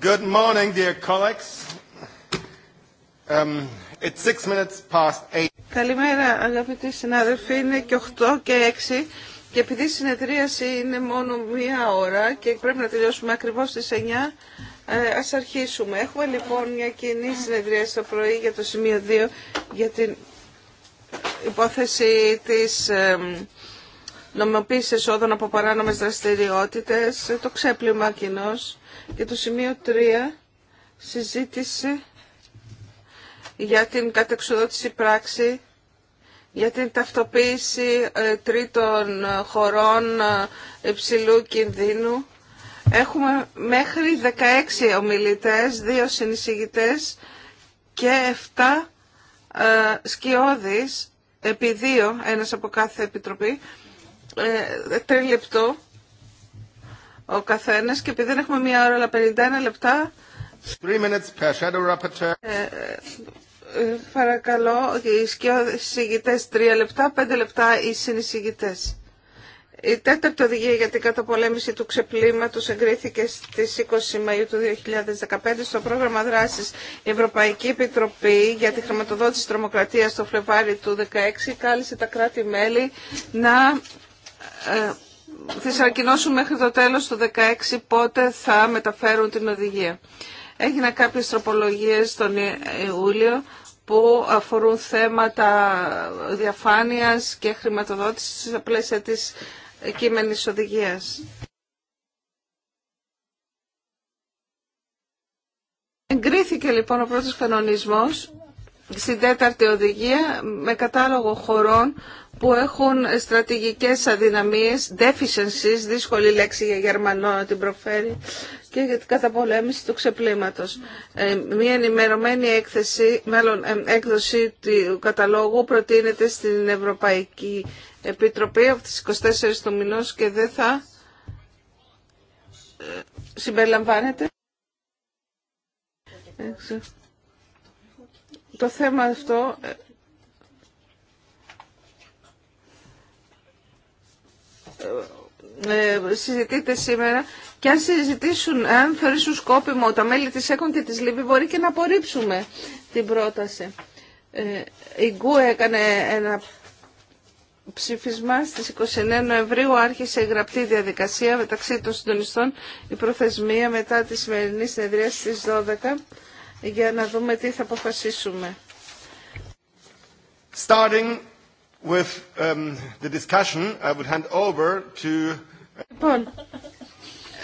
Good morning, dear colleagues. Um, Καλημέρα αγαπητοί συνάδελφοι, είναι και 8 και 6 και επειδή η συνεδρίαση είναι μόνο μία ώρα και πρέπει να τελειώσουμε ακριβώς στις 9, ε, ας αρχίσουμε. Έχουμε λοιπόν μια κοινή συνεδρίαση το πρωί για το σημείο 2 για την υπόθεση της νομιμοποίηση εσόδων από παράνομε δραστηριότητε, το ξέπλυμα κοινό και το σημείο 3 συζήτηση για την κατεξοδότηση πράξη για την ταυτοποίηση ε, τρίτων χωρών ε, υψηλού κινδύνου. Έχουμε μέχρι 16 ομιλητές, δύο συνεισηγητές και 7 ε, σκιώδεις, επί 2, ένας από κάθε επιτροπή ε, τρίλεπτο ο καθένας και επειδή δεν έχουμε μία ώρα αλλά 51 λεπτά Ε, ε, παρακαλώ, οι σκιοδησηγητές τρία λεπτά, πέντε λεπτά οι συνεισηγητές. Η τέταρτη οδηγία για την καταπολέμηση του ξεπλήματος εγκρίθηκε στις 20 Μαΐου του 2015 στο πρόγραμμα δράσης Ευρωπαϊκή Επιτροπή για τη χρηματοδότηση τρομοκρατίας το Φλεβάρι του 2016 κάλεσε τα κράτη-μέλη να ε, θα ανακοινώσουν μέχρι το τέλος του 2016 πότε θα μεταφέρουν την οδηγία. Έγιναν κάποιες τροπολογίες τον Ιούλιο που αφορούν θέματα διαφάνειας και χρηματοδότησης στα πλαίσια της κείμενης οδηγίας. Εγκρίθηκε λοιπόν ο πρώτος κανονισμός στην τέταρτη οδηγία με κατάλογο χωρών που έχουν στρατηγικές αδυναμίες, deficiencies, δύσκολη λέξη για Γερμανό να την προφέρει, και για την καταπολέμηση του ξεπλήματος. Ε, μια ενημερωμένη έκθεση, μάλλον ε, έκδοση του καταλόγου προτείνεται στην Ευρωπαϊκή Επιτροπή από τις 24 του μηνός και δεν θα ε, συμπεριλαμβάνεται το θέμα αυτό ε, ε, ε, συζητείται σήμερα και αν συζητήσουν, αν θεωρήσουν σκόπιμο τα μέλη της ΕΚΟΝ και της ΛΥΒΗ μπορεί και να απορρίψουμε την πρόταση. η Γκου έκανε ένα ψήφισμα στις 29 Νοεμβρίου άρχισε η γραπτή διαδικασία μεταξύ των συντονιστών η προθεσμία μετά τη σημερινή συνεδρία στις 12 για να δούμε τι θα αποφασίσουμε. Starting with um, the discussion, I would hand over to... Λοιπόν,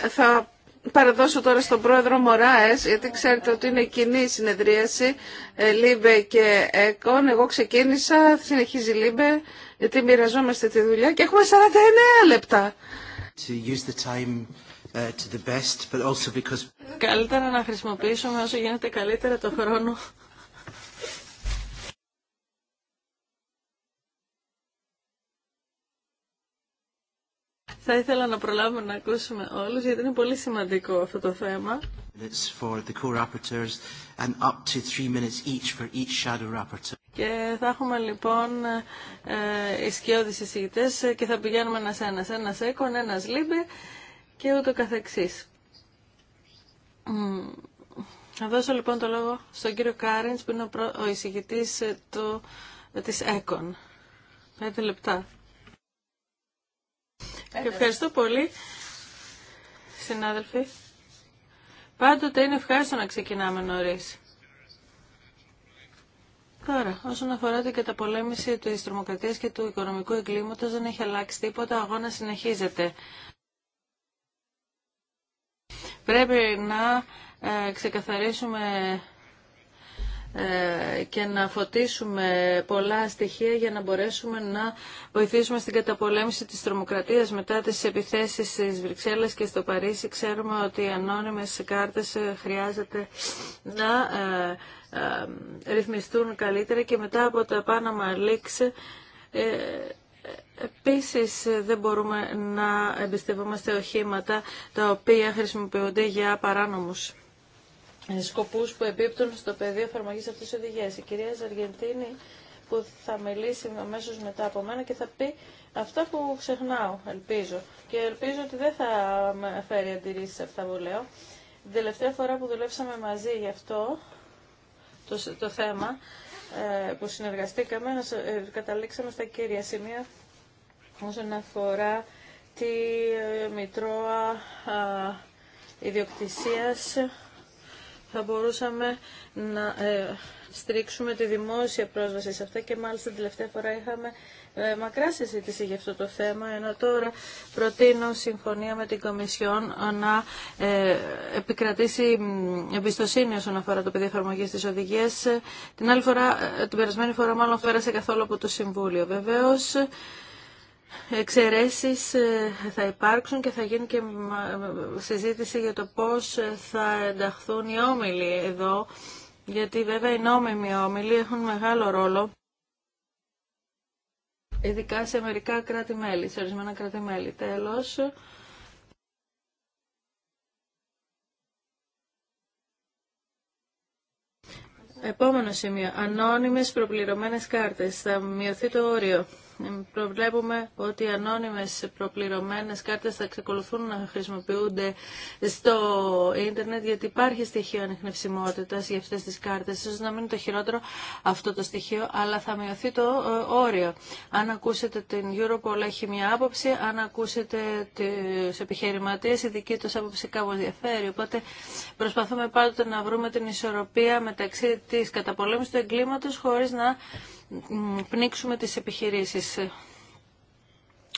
θα παραδώσω τώρα στον πρόεδρο Μωράες, γιατί ξέρετε ότι είναι κοινή συνεδρίαση, ε, Λίμπε και ΕΚΟΝ. Εγώ ξεκίνησα, συνεχίζει Λίμπε, γιατί μοιραζόμαστε τη δουλειά και έχουμε 49 λεπτά. To use the time Uh, καλύτερα να χρησιμοποιήσουμε όσο γίνεται καλύτερα το χρόνο. Θα ήθελα να προλάβουμε να ακούσουμε όλους, γιατί είναι πολύ σημαντικό αυτό το θέμα. Και θα έχουμε λοιπόν ε, ισχυώδεις εισηγητές και θα πηγαίνουμε ένας ένας, ένας έκον, ένας λίμπε και ούτω καθεξής. Θα δώσω λοιπόν το λόγο στον κύριο Κάριντς που είναι ο, προ... ο εισηγητής ε, του... Ε, της ΕΚΟΝ. Πέντε λεπτά. Και ευχαριστώ πολύ, συνάδελφοι. Πάντοτε είναι ευχάριστο να ξεκινάμε νωρίς. Τώρα, όσον αφορά την καταπολέμηση τη τρομοκρατία και του οικονομικού εγκλήματο, δεν έχει αλλάξει τίποτα. Ο αγώνα συνεχίζεται. Πρέπει να ε, ξεκαθαρίσουμε ε, και να φωτίσουμε πολλά στοιχεία για να μπορέσουμε να βοηθήσουμε στην καταπολέμηση της τρομοκρατίας μετά τις επιθέσεις στις Βρυξέλλες και στο Παρίσι. Ξέρουμε ότι οι ανώνυμες κάρτες ε, χρειάζεται να ρυθμιστούν καλύτερα και μετά από τα Panama Leaks Επίσης δεν μπορούμε να εμπιστευόμαστε οχήματα τα οποία χρησιμοποιούνται για παράνομους σκοπούς που επίπτουν στο πεδίο εφαρμογής αυτής της οδηγίας. Η κυρία Ζαργεντίνη που θα μιλήσει αμέσω μετά από μένα και θα πει αυτά που ξεχνάω, ελπίζω. Και ελπίζω ότι δεν θα φέρει αντιρρήσεις αυτά που λέω. Την τελευταία φορά που δουλέψαμε μαζί γι' αυτό το, το θέμα, ε, που συνεργαστήκαμε, ε, καταλήξαμε στα κύρια σημεία όσον αφορά τη ε, Μητρώα Ιδιοκτησίας. Θα μπορούσαμε να στρίξουμε τη δημόσια πρόσβαση σε αυτά και μάλιστα την τελευταία φορά είχαμε ε, μακρά συζήτηση για αυτό το θέμα, ενώ τώρα προτείνω συμφωνία με την Κομισιόν να ε, επικρατήσει εμπιστοσύνη όσον αφορά το πεδίο εφαρμογή τη οδηγία. Την άλλη φορά, ε, την περασμένη φορά, μάλλον φέρασε καθόλου από το Συμβούλιο. Βεβαίω, Εξαιρέσει θα υπάρξουν και θα γίνει και συζήτηση για το πώς θα ενταχθούν οι όμιλοι εδώ, γιατί βέβαια οι νόμιμοι όμιλοι έχουν μεγάλο ρόλο ειδικά σε μερικά κράτη-μέλη, σε ορισμένα κράτη-μέλη. Τέλος, Επόμενο σημείο. Ανώνυμες προπληρωμένες κάρτες. Θα μειωθεί το όριο προβλέπουμε ότι οι ανώνυμες προπληρωμένες κάρτες θα εξακολουθούν να χρησιμοποιούνται στο ίντερνετ γιατί υπάρχει στοιχείο ανιχνευσιμότητας για αυτές τις κάρτες. Ίσως να μην είναι το χειρότερο αυτό το στοιχείο, αλλά θα μειωθεί το ε, όριο. Αν ακούσετε την Europol έχει μια άποψη, αν ακούσετε τους επιχειρηματίες η δική τους άποψη κάπως διαφέρει. Οπότε προσπαθούμε πάντοτε να βρούμε την ισορροπία μεταξύ της καταπολέμησης του εγκλήματος χωρίς να πνίξουμε τις επιχειρήσεις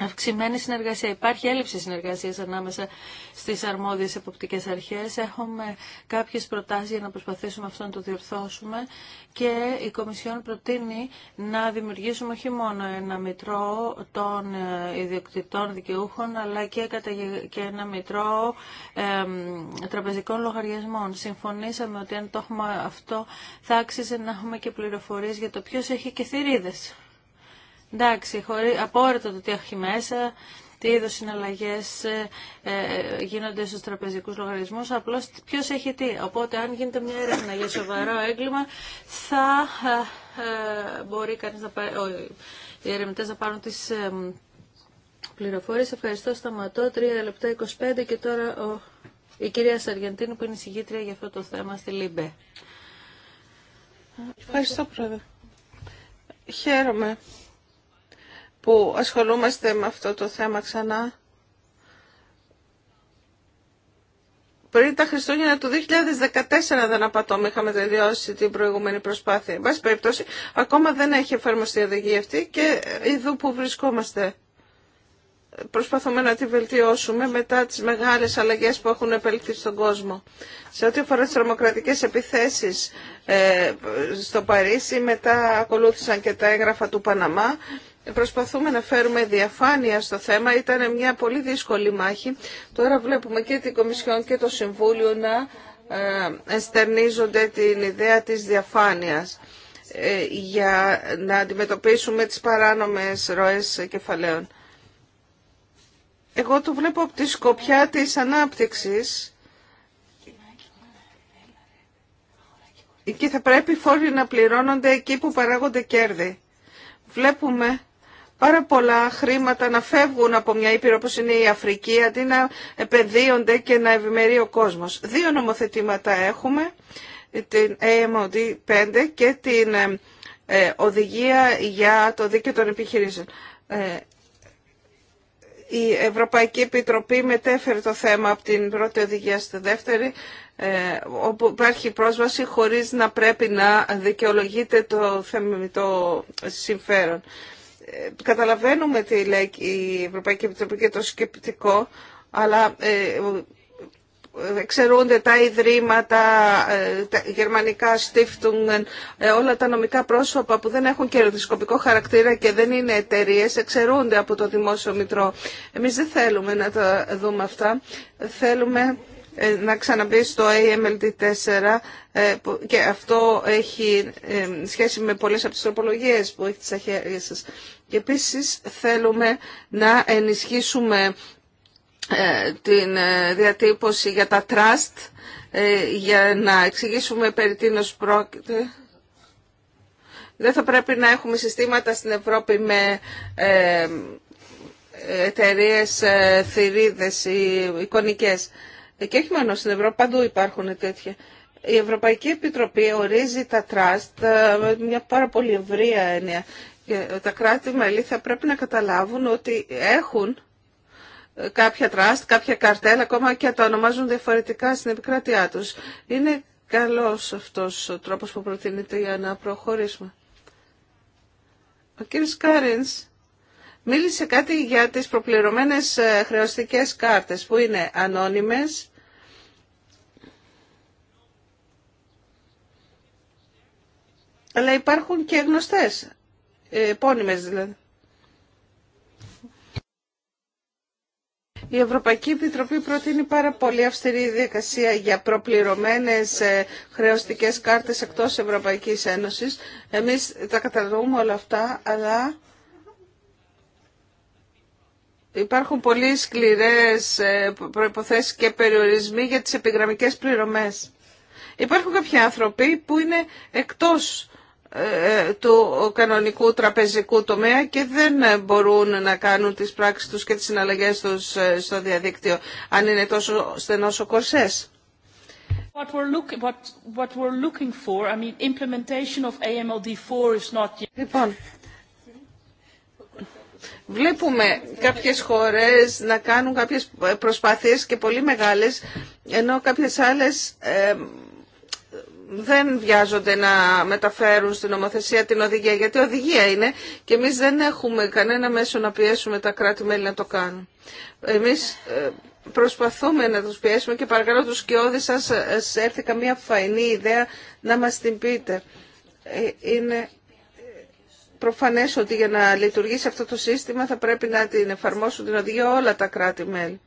αυξημένη συνεργασία. Υπάρχει έλλειψη συνεργασίας ανάμεσα στις αρμόδιες εποπτικές αρχές. Έχουμε κάποιες προτάσεις για να προσπαθήσουμε αυτό να το διορθώσουμε και η Κομισιόν προτείνει να δημιουργήσουμε όχι μόνο ένα μητρό των ε, ιδιοκτητών δικαιούχων αλλά και, και ένα μητρό τραπεζικών λογαριασμών. Συμφωνήσαμε ότι αν το έχουμε αυτό θα άξιζε να έχουμε και πληροφορίες για το ποιος έχει και θηρίδες. Εντάξει, χωρί, απόρριτο το τι έχει μέσα, τι είδους συναλλαγές ε, ε γίνονται στους τραπεζικούς λογαριασμού, απλώς ποιος έχει τι. Οπότε αν γίνεται μια έρευνα για σοβαρό έγκλημα, θα ε, ε, μπορεί να οι ερευνητέ να πάρουν τις ε, πληροφορίες. Ευχαριστώ, σταματώ. 3 λεπτά 25 και τώρα η κυρία Σαργεντίνου που είναι η για αυτό το θέμα στη ΛΥΜΠΕ. Ευχαριστώ, Πρόεδρε. Χαίρομαι που ασχολούμαστε με αυτό το θέμα ξανά. Πριν τα Χριστούγεννα του 2014 δεν απατώμε, είχαμε τελειώσει την προηγούμενη προσπάθεια. Εν πάση περιπτώσει, ακόμα δεν έχει εφαρμοστεί η οδηγία αυτή και ειδού που βρισκόμαστε. Προσπαθούμε να τη βελτιώσουμε μετά τις μεγάλες αλλαγές που έχουν επελθεί στον κόσμο. Σε ό,τι αφορά τι τρομοκρατικέ επιθέσεις ε, στο Παρίσι, μετά ακολούθησαν και τα έγγραφα του Παναμά Προσπαθούμε να φέρουμε διαφάνεια στο θέμα. Ήταν μια πολύ δύσκολη μάχη. Τώρα βλέπουμε και την Κομισιόν και το Συμβούλιο να ε, εστερνίζονται την ιδέα της διαφάνειας ε, για να αντιμετωπίσουμε τις παράνομες ροές κεφαλαίων. Εγώ το βλέπω από τη σκοπιά της ανάπτυξης και θα πρέπει οι φόροι να πληρώνονται εκεί που παράγονται κέρδη. Βλέπουμε πάρα πολλά χρήματα να φεύγουν από μια ήπειρο όπως είναι η Αφρική αντί να επενδύονται και να ευημερεί ο κόσμος. Δύο νομοθετήματα έχουμε, την AMOD 5 και την ε, ε, οδηγία για το δίκαιο των επιχειρήσεων. Ε, η Ευρωπαϊκή Επιτροπή μετέφερε το θέμα από την πρώτη οδηγία στη δεύτερη, όπου υπάρχει πρόσβαση χωρίς να πρέπει να δικαιολογείται το θεμητό συμφέρον καταλαβαίνουμε τι λέει η Ευρωπαϊκή Επιτροπή και το σκεπτικό, αλλά ε, ε, εξαιρούνται τα ιδρύματα, ε, τα γερμανικά Stiftungen, όλα τα νομικά πρόσωπα που δεν έχουν κερδοσκοπικό χαρακτήρα και δεν είναι εταιρείε, εξαιρούνται από το Δημόσιο Μητρό. Εμείς δεν θέλουμε να τα δούμε αυτά. Θέλουμε να ξαναμπεί στο AMLD4 και αυτό έχει σχέση με πολλές από τις τροπολογίες που έχει τις χέρια σας. Και επίσης θέλουμε να ενισχύσουμε ε, την ε, διατύπωση για τα trust, ε, για να εξηγήσουμε περί τίνος πρόκειται. Δεν θα πρέπει να έχουμε συστήματα στην Ευρώπη με εταιρείε θηρίδες ή εικονικές. Και όχι μόνο στην Ευρώπη, παντού υπάρχουν τέτοια. Η Ευρωπαϊκή Επιτροπή ορίζει τα trust με μια πάρα πολύ ευρία έννοια ε, τα κράτη-μέλη θα πρέπει να καταλάβουν ότι έχουν ε, κάποια τραστ, κάποια καρτέλα, ακόμα και τα ονομάζουν διαφορετικά στην επικράτειά τους. Είναι καλός αυτός ο τρόπος που προτείνεται για να προχωρήσουμε. Ο κύριος Κάρινς μίλησε κάτι για τις προπληρωμένες ε, χρεωστικές κάρτες που είναι ανώνυμες. Αλλά υπάρχουν και γνωστές ε, δηλαδή. Η Ευρωπαϊκή Επιτροπή προτείνει πάρα πολύ αυστηρή διαδικασία για προπληρωμένες ε, χρεωστικές κάρτες εκτός Ευρωπαϊκής Ένωσης. Εμείς τα κατανοούμε όλα αυτά, αλλά υπάρχουν πολύ σκληρές ε, προϋποθέσεις και περιορισμοί για τις επιγραμμικές πληρωμές. Υπάρχουν κάποιοι άνθρωποι που είναι εκτός ε, του κανονικού τραπεζικού τομέα και δεν μπορούν να κάνουν τις πράξεις τους και τις συναλλαγές τους ε, στο διαδίκτυο αν είναι τόσο στενός ο κορσές. Λοιπόν, βλέπουμε κάποιες χώρες να κάνουν κάποιες προσπάθειες και πολύ μεγάλες, ενώ κάποιες άλλες ε, δεν βιάζονται να μεταφέρουν στην νομοθεσία την οδηγία, γιατί οδηγία είναι και εμείς δεν έχουμε κανένα μέσο να πιέσουμε τα κράτη-μέλη να το κάνουν. Εμείς ε, προσπαθούμε να τους πιέσουμε και παρακαλώ τους και σας, ε, σας έρθει καμία φαϊνή ιδέα να μας την πείτε. Ε, είναι προφανές ότι για να λειτουργήσει αυτό το σύστημα θα πρέπει να την εφαρμόσουν την οδηγία όλα τα κράτη-μέλη.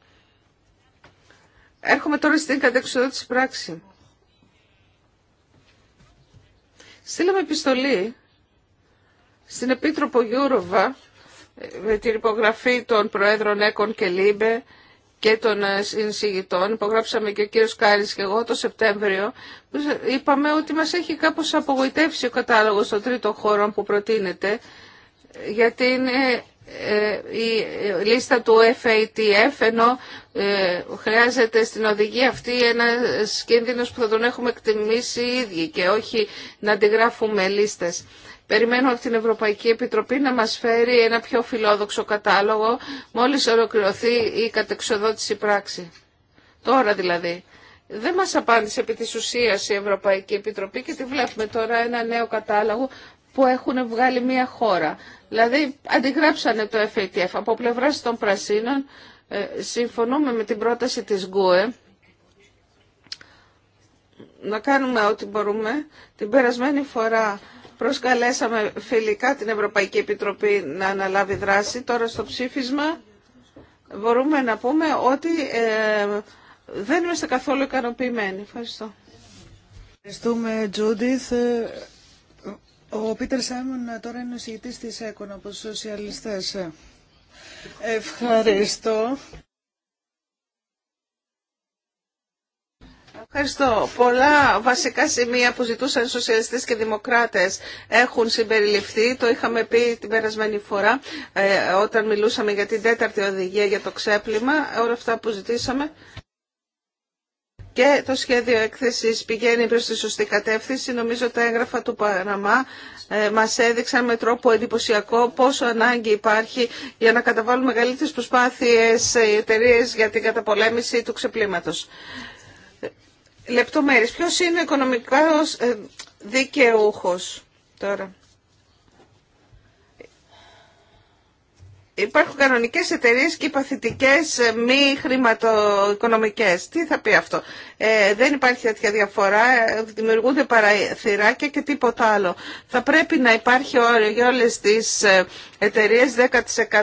Έρχομαι τώρα στην κατεξοδότηση πράξη. Στείλαμε επιστολή στην Επίτροπο Γιούροβα ε, με την υπογραφή των Προέδρων Έκων και Λίμπε και των ε, συνσηγητών, υπογράψαμε και ο κύριος Κάρης και εγώ το Σεπτέμβριο, είπαμε ότι μας έχει κάπως απογοητεύσει ο κατάλογος των τρίτων χώρων που προτείνεται, ε, γιατί είναι ε, η λίστα του FATF ενώ ε, χρειάζεται στην οδηγία αυτή ένα κίνδυνο που θα τον έχουμε εκτιμήσει οι ίδιοι και όχι να αντιγράφουμε λίστες. Περιμένω από την Ευρωπαϊκή Επιτροπή να μας φέρει ένα πιο φιλόδοξο κατάλογο μόλις ολοκληρωθεί η κατεξοδότηση πράξη. Τώρα δηλαδή. Δεν μας απάντησε επί της ουσίας η Ευρωπαϊκή Επιτροπή και τη βλέπουμε τώρα ένα νέο κατάλογο που έχουν βγάλει μία χώρα. Δηλαδή αντιγράψανε το FATF. Από πλευράς των Πρασίνων ε, συμφωνούμε με την πρόταση της ΓΚΟΕ να κάνουμε ό,τι μπορούμε. Την περασμένη φορά προσκαλέσαμε φιλικά την Ευρωπαϊκή Επιτροπή να αναλάβει δράση. Τώρα στο ψήφισμα μπορούμε να πούμε ότι ε, δεν είμαστε καθόλου ικανοποιημένοι. Ευχαριστώ. Ευχαριστούμε, Τζούντιθ. Ο Πίτερ Σάιμον τώρα είναι ο συγητής της ΕΚΟΝ από τους σοσιαλιστές. Ευχαριστώ. Ευχαριστώ. Πολλά βασικά σημεία που ζητούσαν οι σοσιαλιστές και δημοκράτες έχουν συμπεριληφθεί. Το είχαμε πει την περασμένη φορά ε, όταν μιλούσαμε για την τέταρτη οδηγία για το ξέπλυμα. Όλα αυτά που ζητήσαμε και το σχέδιο έκθεσης πηγαίνει προς τη σωστή κατεύθυνση. Νομίζω τα έγγραφα του Παναμά ε, μας έδειξαν με τρόπο εντυπωσιακό πόσο ανάγκη υπάρχει για να καταβάλουν μεγαλύτερες προσπάθειες οι εταιρείε για την καταπολέμηση του ξεπλήματος. Ε, λεπτομέρειες. Ποιος είναι ο οικονομικός ε, δικαιούχος τώρα. Υπάρχουν κανονικές εταιρείες και υπαθητικές ε, μη χρηματοοικονομικές. Τι θα πει αυτό. Ε, δεν υπάρχει τέτοια διαφορά, ε, δημιουργούνται παραθυράκια και τίποτα άλλο. Θα πρέπει να υπάρχει όριο για όλες τις ε, εταιρείες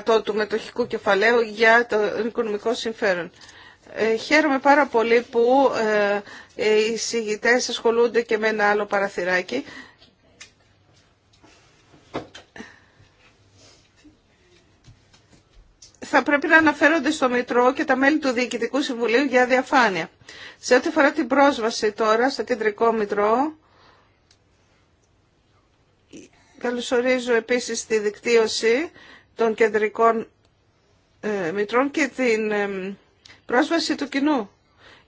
10% του μετοχικού κεφαλαίου για το οικονομικό συμφέρον. Ε, χαίρομαι πάρα πολύ που ε, οι συγητές ασχολούνται και με ένα άλλο παραθυράκι θα πρέπει να αναφέρονται στο Μητρό και τα μέλη του Διοικητικού Συμβουλίου για διαφάνεια. Σε ό,τι αφορά την πρόσβαση τώρα στο Κεντρικό Μητρό, καλωσορίζω επίσης τη δικτύωση των Κεντρικών ε, Μητρών και την ε, πρόσβαση του κοινού.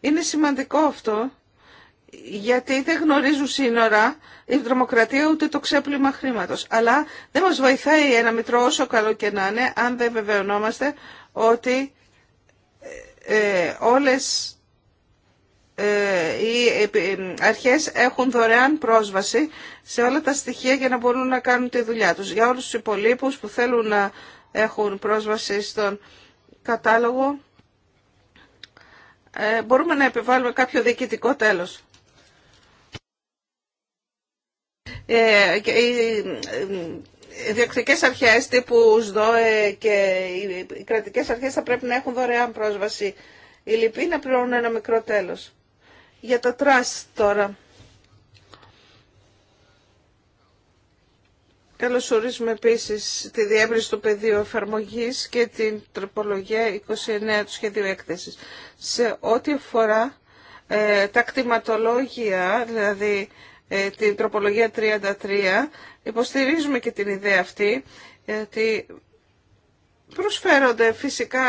Είναι σημαντικό αυτό γιατί δεν γνωρίζουν σύνορα η τρομοκρατία ούτε το ξέπλυμα χρήματος. Αλλά δεν μας βοηθάει ένα μητρό όσο καλό και να είναι, αν δεν βεβαιωνόμαστε ότι ε, ε όλες ε, οι ε, αρχές έχουν δωρεάν πρόσβαση σε όλα τα στοιχεία για να μπορούν να κάνουν τη δουλειά τους. Για όλους τους υπολείπους που θέλουν να έχουν πρόσβαση στον κατάλογο, μπορούμε να επιβάλλουμε κάποιο διοικητικό τέλος. Ε, οι ε, διοκτικές αρχές τύπου ΣΔΟΕ και οι κρατικές αρχές θα πρέπει να έχουν δωρεάν πρόσβαση. Οι λοιποί να πληρώνουν ένα μικρό τέλος. Για τα τρας τώρα. Καλώς ορίζουμε επίσης τη διεύρυνση του πεδίου εφαρμογής και την τροπολογία 29 του σχεδίου έκθεσης. Σε ό,τι αφορά ε, τα κτηματολόγια, δηλαδή ε, την τροπολογία 33. Υποστηρίζουμε και την ιδέα αυτή, γιατί προσφέρονται φυσικά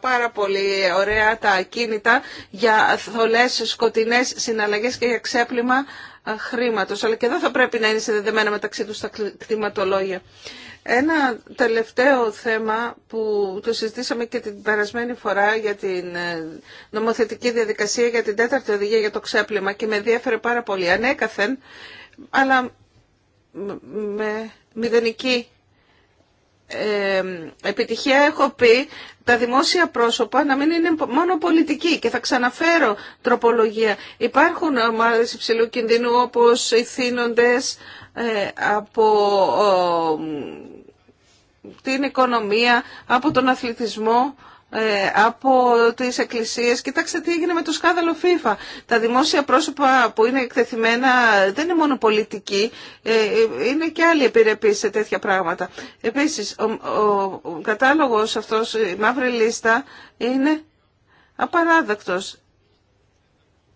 πάρα πολύ ωραία τα ακίνητα για θολές σκοτεινές συναλλαγές και για ξέπλυμα χρήματος. Αλλά και εδώ θα πρέπει να είναι συνδεδεμένα μεταξύ τους τα κτηματολόγια. Ένα τελευταίο θέμα που το συζητήσαμε και την περασμένη φορά για την ε, νομοθετική διαδικασία για την τέταρτη οδηγία για το ξέπλυμα και με ενδιαφέρε πάρα πολύ ανέκαθεν, αλλά με μηδενική ε, επιτυχία έχω πει τα δημόσια πρόσωπα να μην είναι μόνο πολιτικοί και θα ξαναφέρω τροπολογία. Υπάρχουν ομάδες υψηλού κινδύνου όπως οι θύνοντες, ε, από την οικονομία, από τον αθλητισμό, ε, από τις εκκλησίες. Κοιτάξτε τι έγινε με το σκάδαλο FIFA. Τα δημόσια πρόσωπα που είναι εκτεθειμένα δεν είναι μόνο πολιτικοί, ε, είναι και άλλοι επιρρεπείς σε τέτοια πράγματα. Επίσης, ο, ο, ο κατάλογος αυτός, η μαύρη λίστα, είναι απαράδεκτος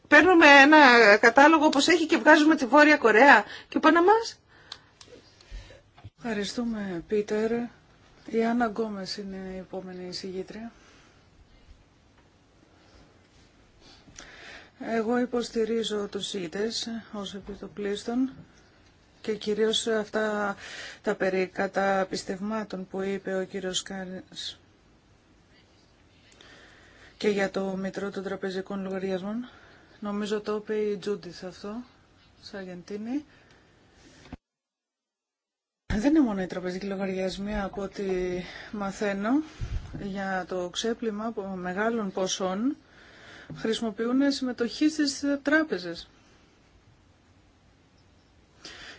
παίρνουμε ένα κατάλογο όπως έχει και βγάζουμε τη Βόρεια Κορέα και πάνω μας. Ευχαριστούμε, Πίτερ. Η Άννα Γκόμες είναι η επόμενη εισηγήτρια. Εγώ υποστηρίζω τους ΙΤΕΣ ως επιτοπλίστων και κυρίως αυτά τα περί καταπιστευμάτων που είπε ο κύριος Κάρης και για το Μητρό των Τραπεζικών Λογαριασμών. Νομίζω το είπε η Τζούντις αυτό, σε Αργεντίνη. Δεν είναι μόνο οι τραπεζικοί λογαριασμοί από ό,τι μαθαίνω για το ξέπλυμα μεγάλων ποσών χρησιμοποιούν συμμετοχή στις τράπεζες.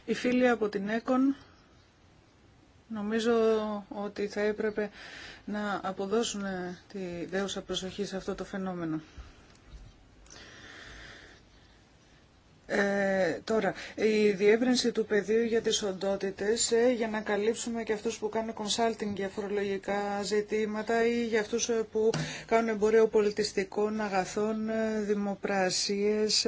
Οι φίλοι από την ΕΚΟΝ νομίζω ότι θα έπρεπε να αποδώσουν τη δέουσα προσοχή σε αυτό το φαινόμενο. Ε, τώρα, η διεύρυνση του πεδίου για τις οντότητες ε, για να καλύψουμε και αυτούς που κάνουν consulting για φορολογικά ζητήματα ή για αυτούς ε, που κάνουν εμπορέο πολιτιστικών αγαθών, δημοπρασίες,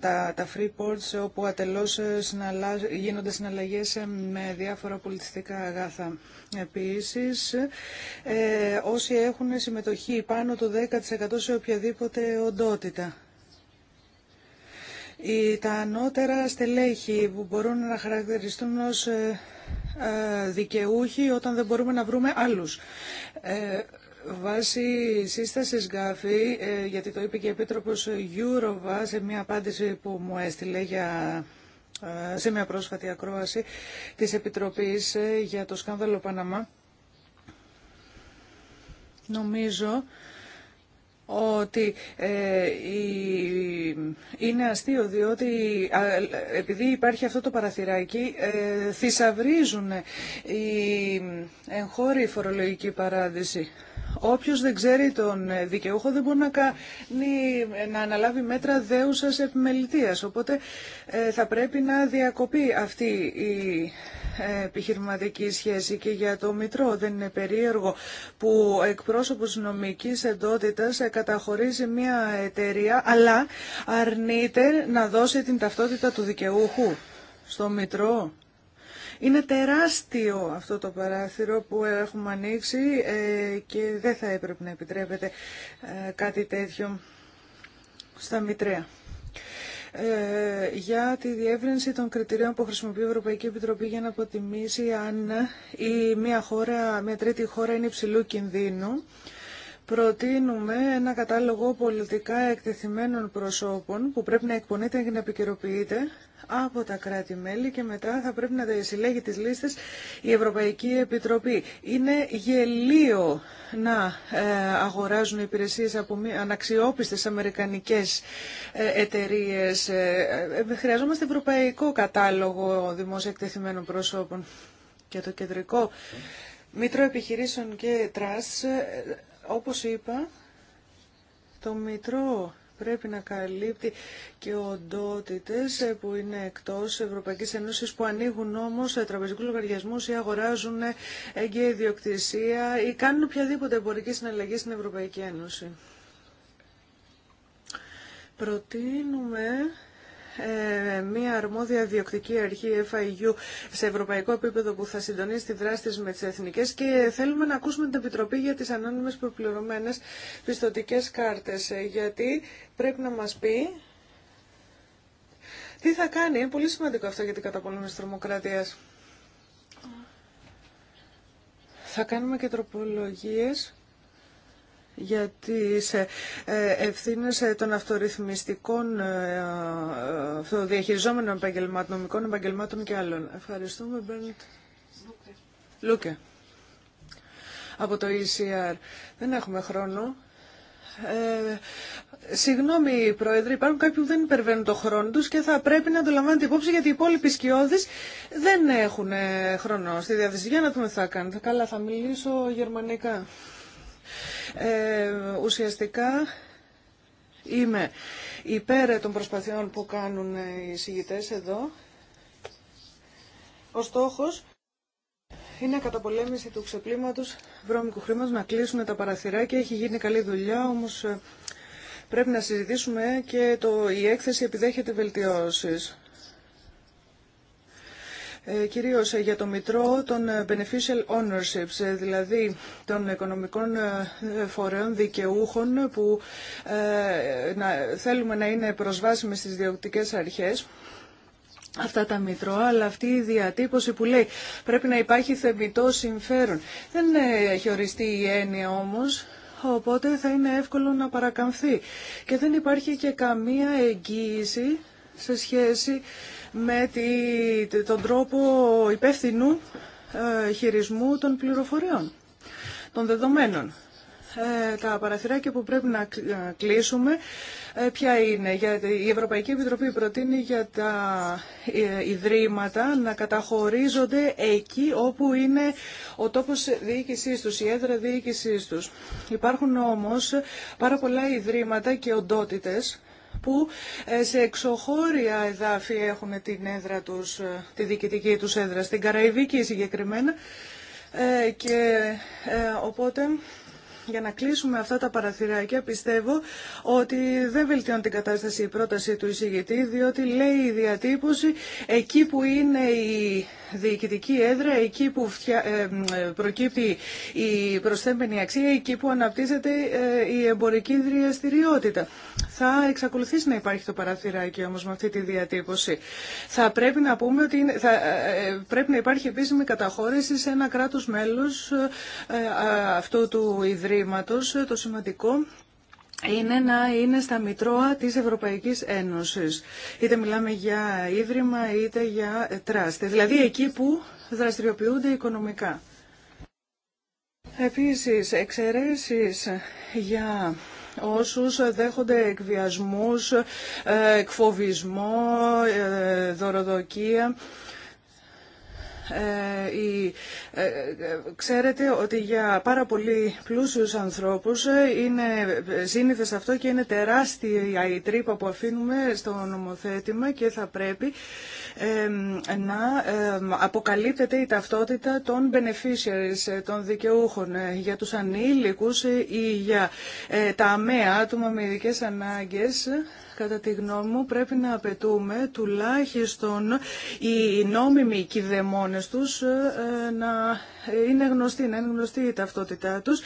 τα, τα free ports όπου ατελώς ε, γίνονται συναλλαγές ε, με διάφορα πολιτιστικά αγάθα. Επίσης, ε, όσοι έχουν συμμετοχή πάνω το 10% σε οποιαδήποτε οντότητα. Οι, τα ανώτερα στελέχη που μπορούν να χαρακτηριστούν ως ε, δικαιούχοι όταν δεν μπορούμε να βρούμε άλλους. Βάσει σύσταση ΓΑΦΗ, ε, γιατί το είπε και η Επίτροπο Γιούροβα σε μια απάντηση που μου έστειλε για ε, σε μια πρόσφατη ακρόαση της Επιτροπής ε, για το σκάνδαλο Παναμά. Νομίζω ότι ε, είναι αστείο διότι επειδή υπάρχει αυτό το παραθυράκι ε, θησαυρίζουν οι εγχώροι φορολογική παράδειση. Όποιο δεν ξέρει τον ε, δικαιούχο δεν μπορεί να, να αναλάβει μέτρα δέουσα επιμελητία. Οπότε ε, θα πρέπει να διακοπεί αυτή η ε, επιχειρηματική σχέση και για το Μητρό. Δεν είναι περίεργο που ο εκπρόσωπος νομικής εντότητας καταχωρίζει μια εταιρεία αλλά αρνείται να δώσει την ταυτότητα του δικαιούχου στο Μητρό. Είναι τεράστιο αυτό το παράθυρο που έχουμε ανοίξει ε, και δεν θα έπρεπε να επιτρέπεται ε, κάτι τέτοιο στα Μητρέα. Ε, για τη διεύρυνση των κριτηρίων που χρησιμοποιεί η Ευρωπαϊκή Επιτροπή για να αποτιμήσει αν η μία, χώρα, μία τρίτη χώρα είναι υψηλού κινδύνου προτείνουμε ένα κατάλογο πολιτικά εκτεθειμένων προσώπων που πρέπει να εκπονείται και να επικαιροποιείται από τα κράτη-μέλη και μετά θα πρέπει να συλλέγει τις λίστες η Ευρωπαϊκή Επιτροπή. Είναι γελίο να ε, αγοράζουν υπηρεσίες από αναξιόπιστες αμερικανικές ε, εταιρείες. Ε, χρειαζόμαστε ευρωπαϊκό κατάλογο δημόσια εκτεθειμένων προσώπων και το κεντρικό Μήτρο Επιχειρήσεων και Τρας όπως είπα, το Μητρό πρέπει να καλύπτει και οντότητε που είναι εκτός Ευρωπαϊκής Ένωσης, που ανοίγουν όμω τραπεζικούς λογαριασμούς ή αγοράζουν έγκαιη ιδιοκτησία ή κάνουν οποιαδήποτε εμπορική συναλλαγή στην Ευρωπαϊκή Ένωση. Προτείνουμε ε, μια αρμόδια διοκτική αρχή FIU σε ευρωπαϊκό επίπεδο που θα συντονίσει τη δράση της με τις εθνικές και θέλουμε να ακούσουμε την Επιτροπή για τις ανώνυμες προπληρωμένες πιστοτικές κάρτες ε, γιατί πρέπει να μας πει τι θα κάνει. Είναι πολύ σημαντικό αυτό για την καταπολέμηση της Θα κάνουμε και τροπολογίες για τις ε, ευθύνες ε, των αυτορυθμιστικών ε, αυτοδιαχειριζόμενων επαγγελμάτων, νομικών επαγγελμάτων και άλλων. Ευχαριστούμε, Μπέρντ. Λούκε. Από το ECR. Δεν έχουμε χρόνο. Ε, συγγνώμη, Πρόεδρε, υπάρχουν κάποιοι που δεν υπερβαίνουν το χρόνο τους και θα πρέπει να το λαμβάνετε υπόψη γιατί οι υπόλοιποι σκιώδεις δεν έχουν χρόνο στη διάθεση. Για να δούμε τι θα κάνετε. Καλά, θα μιλήσω γερμανικά. Ε, ουσιαστικά είμαι υπέρ των προσπαθειών που κάνουν οι συγητές εδώ. Ο στόχος είναι καταπολέμηση του ξεπλήματος βρώμικου χρήματος, να κλείσουν τα παραθυράκια. Έχει γίνει καλή δουλειά, όμως ε, πρέπει να συζητήσουμε και το, η έκθεση επιδέχεται βελτιώσεις. Ε, κυρίως για το μητρό των ε, beneficial ownerships, ε, δηλαδή των οικονομικών φορέων δικαιούχων που θέλουμε να είναι προσβάσιμες στις διοκτικές αρχές αυτά τα μητρώα, αλλά αυτή η διατύπωση που λέει πρέπει να υπάρχει θεμητό συμφέρον. Δεν έχει οριστεί η έννοια όμως, οπότε θα είναι εύκολο να παρακαμφθεί. Και δεν υπάρχει και καμία εγγύηση σε σχέση με τον τρόπο υπεύθυνου ε, χειρισμού των πληροφοριών, των δεδομένων. Ε, τα παραθυράκια που πρέπει να κλείσουμε, ε, ποια είναι. Η Ευρωπαϊκή Επιτροπή προτείνει για τα ιδρύματα να καταχωρίζονται εκεί όπου είναι ο τόπος διοίκησής τους, η έδρα διοίκησής τους. Υπάρχουν όμως πάρα πολλά ιδρύματα και οντότητες που ε, σε εξωχώρια εδάφη έχουν την έδρα τους, ε, τη διοικητική τους έδρα, στην Καραϊβική συγκεκριμένα. Ε, και οπότε για να κλείσουμε αυτά τα παραθυράκια, πιστεύω ότι δεν βελτιώνει την κατάσταση η πρόταση του εισηγητή, διότι λέει η διατύπωση εκεί που είναι η διοικητική έδρα εκεί που ε, ε, προκύπτει η προσθέμενη αξία, εκεί που αναπτύσσεται ε, η εμπορική δραστηριότητα. Θα εξακολουθήσει να υπάρχει το παραθυράκι όμως με αυτή τη διατύπωση. Θα πρέπει να πούμε ότι θα, πρέπει να υπάρχει επίσημη καταχώρηση σε ένα κράτος μέλος αυτού του Ιδρύματος. Το σημαντικό είναι να είναι στα Μητρώα της Ευρωπαϊκής Ένωσης. Είτε μιλάμε για ίδρυμα είτε για τράστε. Δηλαδή εκεί που δραστηριοποιούνται οικονομικά. Επίσης, εξαιρέσεις για όσους δέχονται εκβιασμούς, ε, εκφοβισμό, ε, δωροδοκία ε, ε, ε, ξέρετε ότι για πάρα πολύ πλούσιους ανθρώπους είναι σύνηθες αυτό και είναι τεράστια η τρύπα που αφήνουμε στο νομοθέτημα και θα πρέπει να αποκαλύπτεται η ταυτότητα των beneficiaries, των δικαιούχων για τους ανήλικους ή για τα αμαία άτομα με ειδικές ανάγκες κατά τη γνώμη μου, πρέπει να απαιτούμε τουλάχιστον οι νόμιμοι κυδεμόνες τους ε, να είναι γνωστοί, να είναι γνωστή η ταυτότητά τους,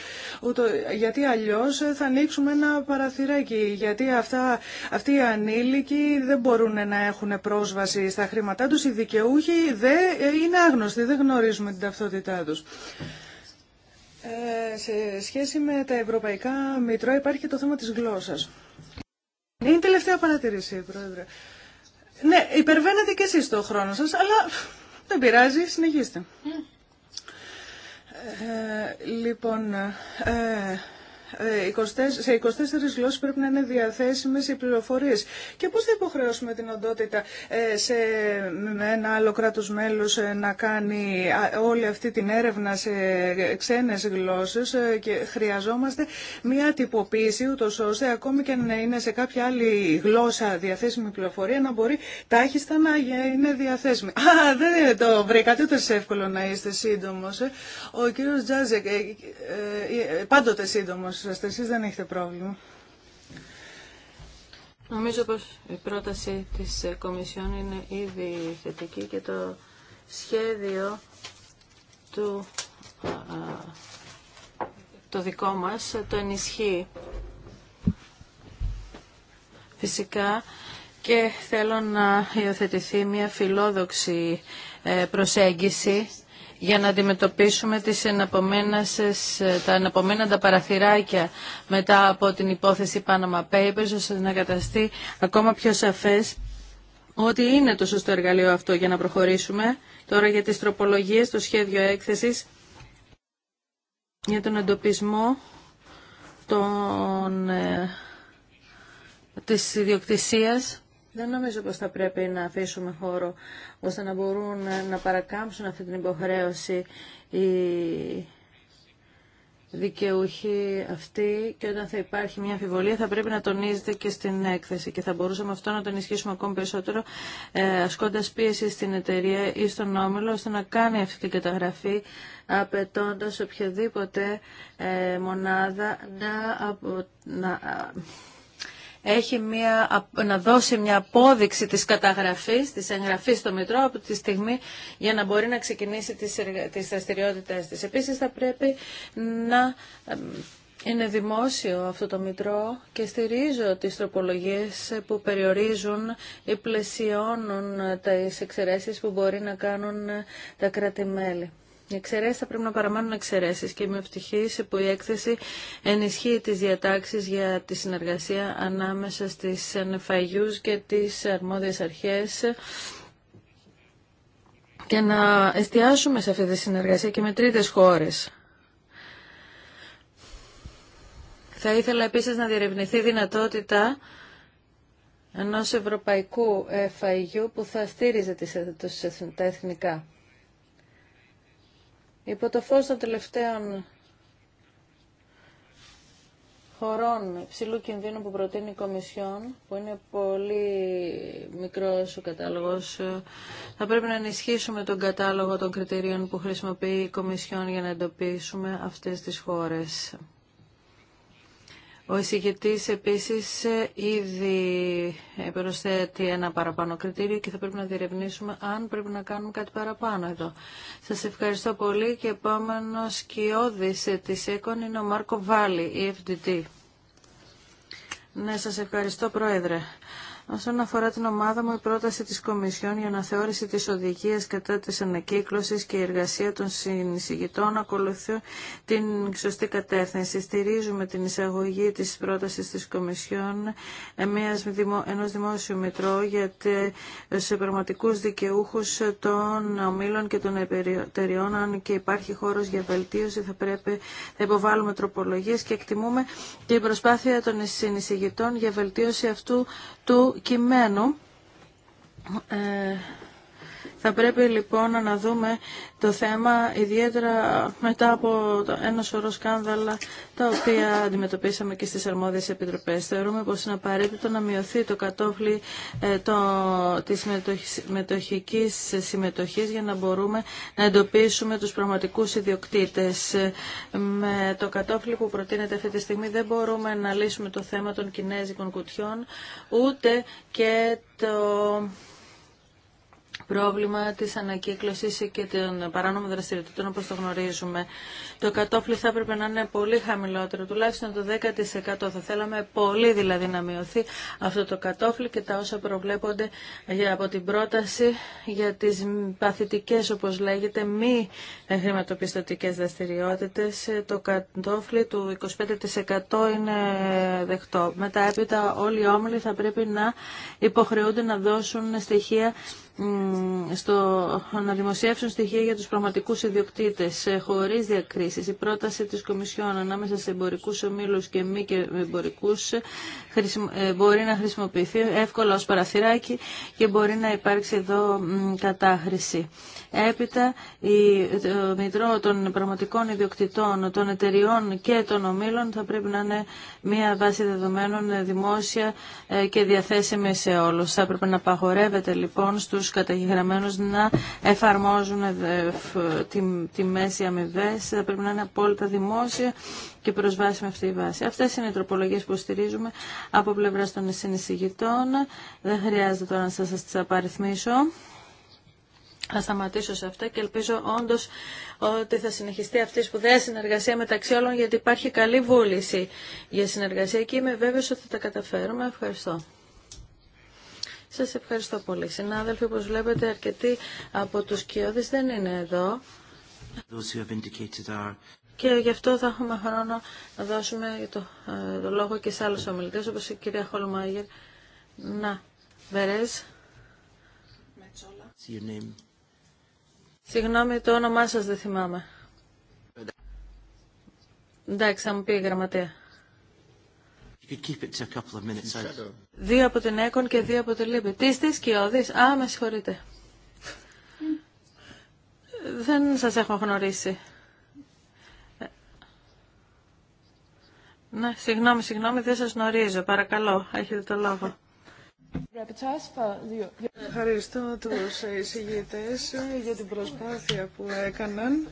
γιατί αλλιώς θα ανοίξουμε ένα παραθυράκι, γιατί αυτά, αυτοί οι ανήλικοι δεν μπορούν να έχουν πρόσβαση στα χρήματά τους, οι δικαιούχοι δεν ε, είναι άγνωστοι, δεν γνωρίζουμε την ταυτότητά τους. Ε, σε σχέση με τα ευρωπαϊκά μητρώα υπάρχει και το θέμα της γλώσσας. Είναι η τελευταία παρατηρήση, Πρόεδρε. Ναι, υπερβαίνετε κι εσείς το χρόνο σας, αλλά δεν πειράζει, συνεχίστε. Ε, λοιπόν, ε, ε, σε 24 γλώσσε πρέπει να είναι διαθέσιμε οι πληροφορίε. Και πώ θα υποχρεώσουμε την οντότητα ε, σε ένα άλλο κράτο μέλο ε, να κάνει όλη αυτή την έρευνα σε ξένε γλώσσε, και χρειαζόμαστε μια τυποποίηση ούτω ώστε ακόμη και να είναι σε κάποια άλλη γλώσσα διαθέσιμη πληροφορία να μπορεί τάχιστα να είναι διαθέσιμη. Α, δεν το βρήκατε ούτε σε εύκολο να είστε σύντομο. Ο κύριο Τζάζεκ, πάντοτε σύντομο σωστά. Εσείς δεν έχετε πρόβλημα. Νομίζω πως η πρόταση της Κομισιόν είναι ήδη θετική και το σχέδιο του το δικό μας το ενισχύει. Φυσικά και θέλω να υιοθετηθεί μια φιλόδοξη ε, προσέγγιση για να αντιμετωπίσουμε τις τα εναπομείνοντα παραθυράκια μετά από την υπόθεση Panama Papers, ώστε να καταστεί ακόμα πιο σαφές ότι είναι το σωστό εργαλείο αυτό για να προχωρήσουμε. Τώρα για τις τροπολογίες, το σχέδιο έκθεσης για τον εντοπισμό των, ε, της ιδιοκτησίας δεν νομίζω πως θα πρέπει να αφήσουμε χώρο ώστε να μπορούν να παρακάμψουν αυτή την υποχρέωση οι δικαιούχοι αυτοί και όταν θα υπάρχει μια αφιβολία θα πρέπει να τονίζεται και στην έκθεση και θα μπορούσαμε αυτό να τον ισχύσουμε ακόμη περισσότερο ε, ασκώντας πίεση στην εταιρεία ή στον όμιλο ώστε να κάνει αυτή την καταγραφή απαιτώντα οποιαδήποτε ε, μονάδα να, να έχει μια, να δώσει μια απόδειξη της καταγραφής, της εγγραφής στο Μητρό από τη στιγμή για να μπορεί να ξεκινήσει τις, τις δραστηριότητε της. Επίσης θα πρέπει να είναι δημόσιο αυτό το Μητρό και στηρίζω τις τροπολογίες που περιορίζουν ή πλαισιώνουν τις εξαιρέσεις που μπορεί να κάνουν τα κρατη οι εξαιρέσει θα πρέπει να παραμένουν εξαιρέσει και είμαι ευτυχή που η έκθεση ενισχύει τι διατάξει για τη συνεργασία ανάμεσα στι NFIU και τι αρμόδιε αρχέ και να εστιάσουμε σε αυτή τη συνεργασία και με τρίτε χώρε. Θα ήθελα επίσης να διερευνηθεί δυνατότητα ενός ευρωπαϊκού FIU που θα στήριζε τα εθνικά. Υπό το φως των τελευταίων χωρών ψηλού κινδύνου που προτείνει η Κομισιόν, που είναι πολύ μικρός ο κατάλογος, θα πρέπει να ενισχύσουμε τον κατάλογο των κριτηρίων που χρησιμοποιεί η Κομισιόν για να εντοπίσουμε αυτές τις χώρες. Ο εισηγητής επίσης ε, ήδη προσθέτει ένα παραπάνω κριτήριο και θα πρέπει να διερευνήσουμε αν πρέπει να κάνουμε κάτι παραπάνω εδώ. Σας ευχαριστώ πολύ και επόμενο σκιώδης της ΕΚΟΝ είναι ο Μάρκο Βάλι, FDT. Ναι, σας ευχαριστώ Πρόεδρε. Όσον αφορά την ομάδα μου, η πρόταση της Κομισιόν για αναθεώρηση της οδηγίας κατά της ανακύκλωσης και η εργασία των συνεισηγητών ακολουθεί την σωστή κατεύθυνση. Στηρίζουμε την εισαγωγή της πρότασης της Κομισιόν ε, ενός δημόσιου μητρώου για τους πραγματικούς δικαιούχους των ομίλων και των εταιριών. Αν και υπάρχει χώρος για βελτίωση θα πρέπει να υποβάλουμε τροπολογίες και εκτιμούμε την προσπάθεια των συνεισηγητών για βελτίωση αυτού του κειμένου ε, θα πρέπει λοιπόν να δούμε το θέμα ιδιαίτερα μετά από ένα σωρό σκάνδαλα τα οποία αντιμετωπίσαμε και στις αρμόδιες επιτροπές. Θεωρούμε πως είναι απαραίτητο να μειωθεί το κατόφλι ε, το, της μετοχικής συμμετοχής για να μπορούμε να εντοπίσουμε τους πραγματικούς ιδιοκτήτες. Με το κατόφλι που προτείνεται αυτή τη στιγμή δεν μπορούμε να λύσουμε το θέμα των κινέζικων κουτιών ούτε και το πρόβλημα της ανακύκλωσης και των παράνομων δραστηριοτήτων όπως το γνωρίζουμε. Το κατόφλι θα έπρεπε να είναι πολύ χαμηλότερο, τουλάχιστον το 10%. Θα θέλαμε πολύ δηλαδή να μειωθεί αυτό το κατόφλι και τα όσα προβλέπονται από την πρόταση για τις παθητικές όπως λέγεται μη χρηματοπιστωτικές δραστηριότητες. Το κατόφλι του 25% είναι δεκτό. Μετά έπειτα όλοι οι όμιλοι θα πρέπει να υποχρεούνται να δώσουν στοιχεία στο να δημοσιεύσουν στοιχεία για τους πραγματικούς ιδιοκτήτες ε, χωρίς διακρίσεις. Η πρόταση της Κομισιόν ανάμεσα σε εμπορικούς ομίλους και μη και εμπορικούς ε, ε, μπορεί να χρησιμοποιηθεί εύκολα ως παραθυράκι και μπορεί να υπάρξει εδώ κατάχρηση. Έπειτα, η, το μητρό των πραγματικών ιδιοκτητών, των εταιριών και των ομίλων θα πρέπει να είναι μια βάση δεδομένων δημόσια και διαθέσιμη σε όλους. Θα έπρεπε να απαγορεύεται λοιπόν καταγεγραμμένους να εφαρμόζουν ε, τη μέση αμοιβέ. Θα πρέπει να είναι απόλυτα δημόσια και προσβάσιμη αυτή η βάση. Αυτέ είναι οι τροπολογίε που στηρίζουμε από πλευρά των συνεισηγητών. Δεν χρειάζεται τώρα να σα τι απαριθμίσω. Θα σταματήσω σε αυτά και ελπίζω όντω ότι θα συνεχιστεί αυτή η σπουδαία συνεργασία μεταξύ όλων γιατί υπάρχει καλή βούληση για συνεργασία και είμαι βέβαιος ότι θα τα καταφέρουμε. Ευχαριστώ. Σας ευχαριστώ πολύ. Συνάδελφοι, όπως βλέπετε, αρκετοί από τους κοιόδης δεν είναι εδώ. Και γι' αυτό θα έχουμε χρόνο να δώσουμε ε, το, λόγο και σε άλλους ομιλητές, όπως η κυρία Χολμάγερ. Να, Μπερές. Συγγνώμη, το όνομά σας δεν θυμάμαι. Εντάξει, θα μου πει η γραμματεία. Δύο από την ΕΚΟΝ και δύο από την ΛΥΠΗ. Τι στις Δης. Α, με συγχωρείτε. Δεν σας έχω γνωρίσει. Ναι, συγγνώμη, συγγνώμη, δεν σας γνωρίζω. Παρακαλώ, έχετε το λόγο. Ευχαριστώ τους εισηγητές για την προσπάθεια που έκαναν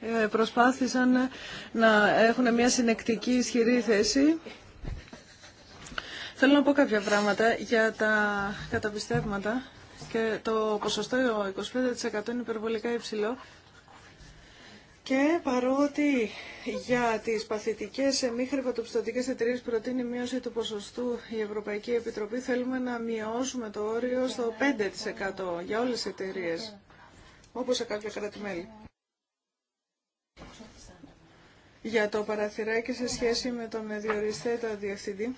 Ε, προσπάθησαν να έχουν μια συνεκτική ισχυρή θέση. Θέλω να πω κάποια πράγματα για τα καταπιστεύματα και το ποσοστό 25% είναι υπερβολικά υψηλό. Και παρότι για τις παθητικές ε, μη χρηματοπιστωτικές εταιρείες προτείνει μείωση του ποσοστού η Ευρωπαϊκή Επιτροπή, θέλουμε να μειώσουμε το όριο στο 5% για όλες τις εταιρείες, όπως σε κάποια κράτη-μέλη για το παραθυράκι σε σχέση με τον το διευθυντή.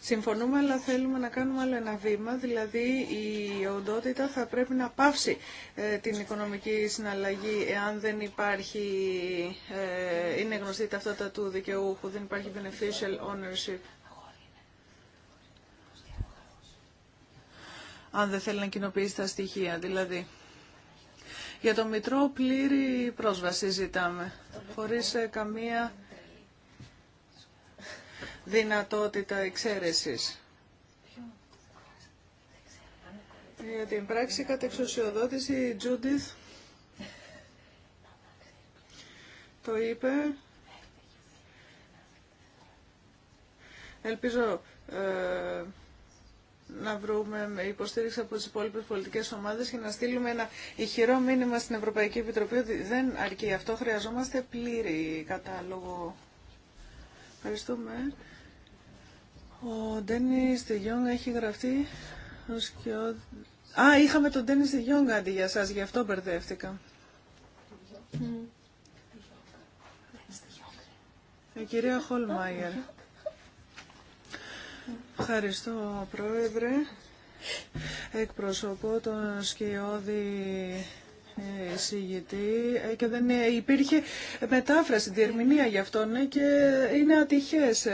Συμφωνούμε, αλλά θέλουμε να κάνουμε άλλο ένα βήμα, δηλαδή η οντότητα θα πρέπει να πάυσει ε, την οικονομική συναλλαγή εάν δεν υπάρχει, ε, είναι γνωστή η ταυτότητα του δικαιούχου, δεν υπάρχει beneficial ownership. Αν δεν θέλει να κοινοποιήσει τα στοιχεία, δηλαδή. Για το Μητρό πλήρη πρόσβαση ζητάμε, χωρίς ε, καμία δυνατότητα εξαίρεσης. Για την πράξη εξουσιοδότηση η Τζούντιθ το είπε. Ελπίζω ε, να βρούμε υποστήριξη από τις υπόλοιπες πολιτικές ομάδες και να στείλουμε ένα ηχηρό μήνυμα στην Ευρωπαϊκή Επιτροπή ότι δεν αρκεί αυτό, χρειαζόμαστε πλήρη κατάλογο. Ευχαριστούμε. Ο Ντένις Τεγιόγκ έχει γραφτεί ως Α, είχαμε τον Ντένις Τεγιόγκ αντί για σας, γι' αυτό μπερδεύτηκα. Η ε, κυρία Χολμάιερ. Ευχαριστώ, Πρόεδρε. Εκπροσωπώ τον Σκιώδη ε, εισηγητή ε, και δεν ε, υπήρχε μετάφραση, διερμηνία γι' αυτόν και είναι ατυχές.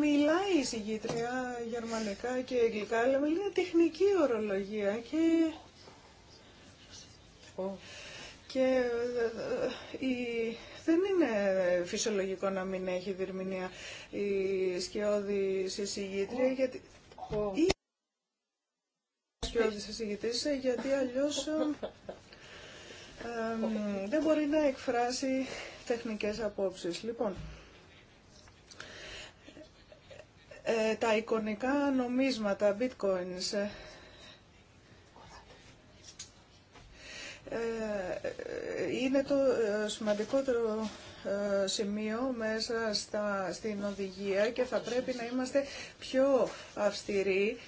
Μιλάει η συγγήτρια γερμανικά και αγγλικά, αλλά μιλάει τεχνική ορολογία και... Και δεν είναι φυσιολογικό να μην έχει διερμηνία η σκιώδη συζητήτρια, γιατί... Ή... Σκιώδη γιατί αλλιώς ε, δεν μπορεί να εκφράσει τεχνικές απόψεις. Λοιπόν, ε, τα εικονικά νομίσματα, bitcoins, ε, Ε, ε, είναι το ε, σημαντικότερο σημείο μέσα στα, στην οδηγία και θα πρέπει να είμαστε πιο αυστηροί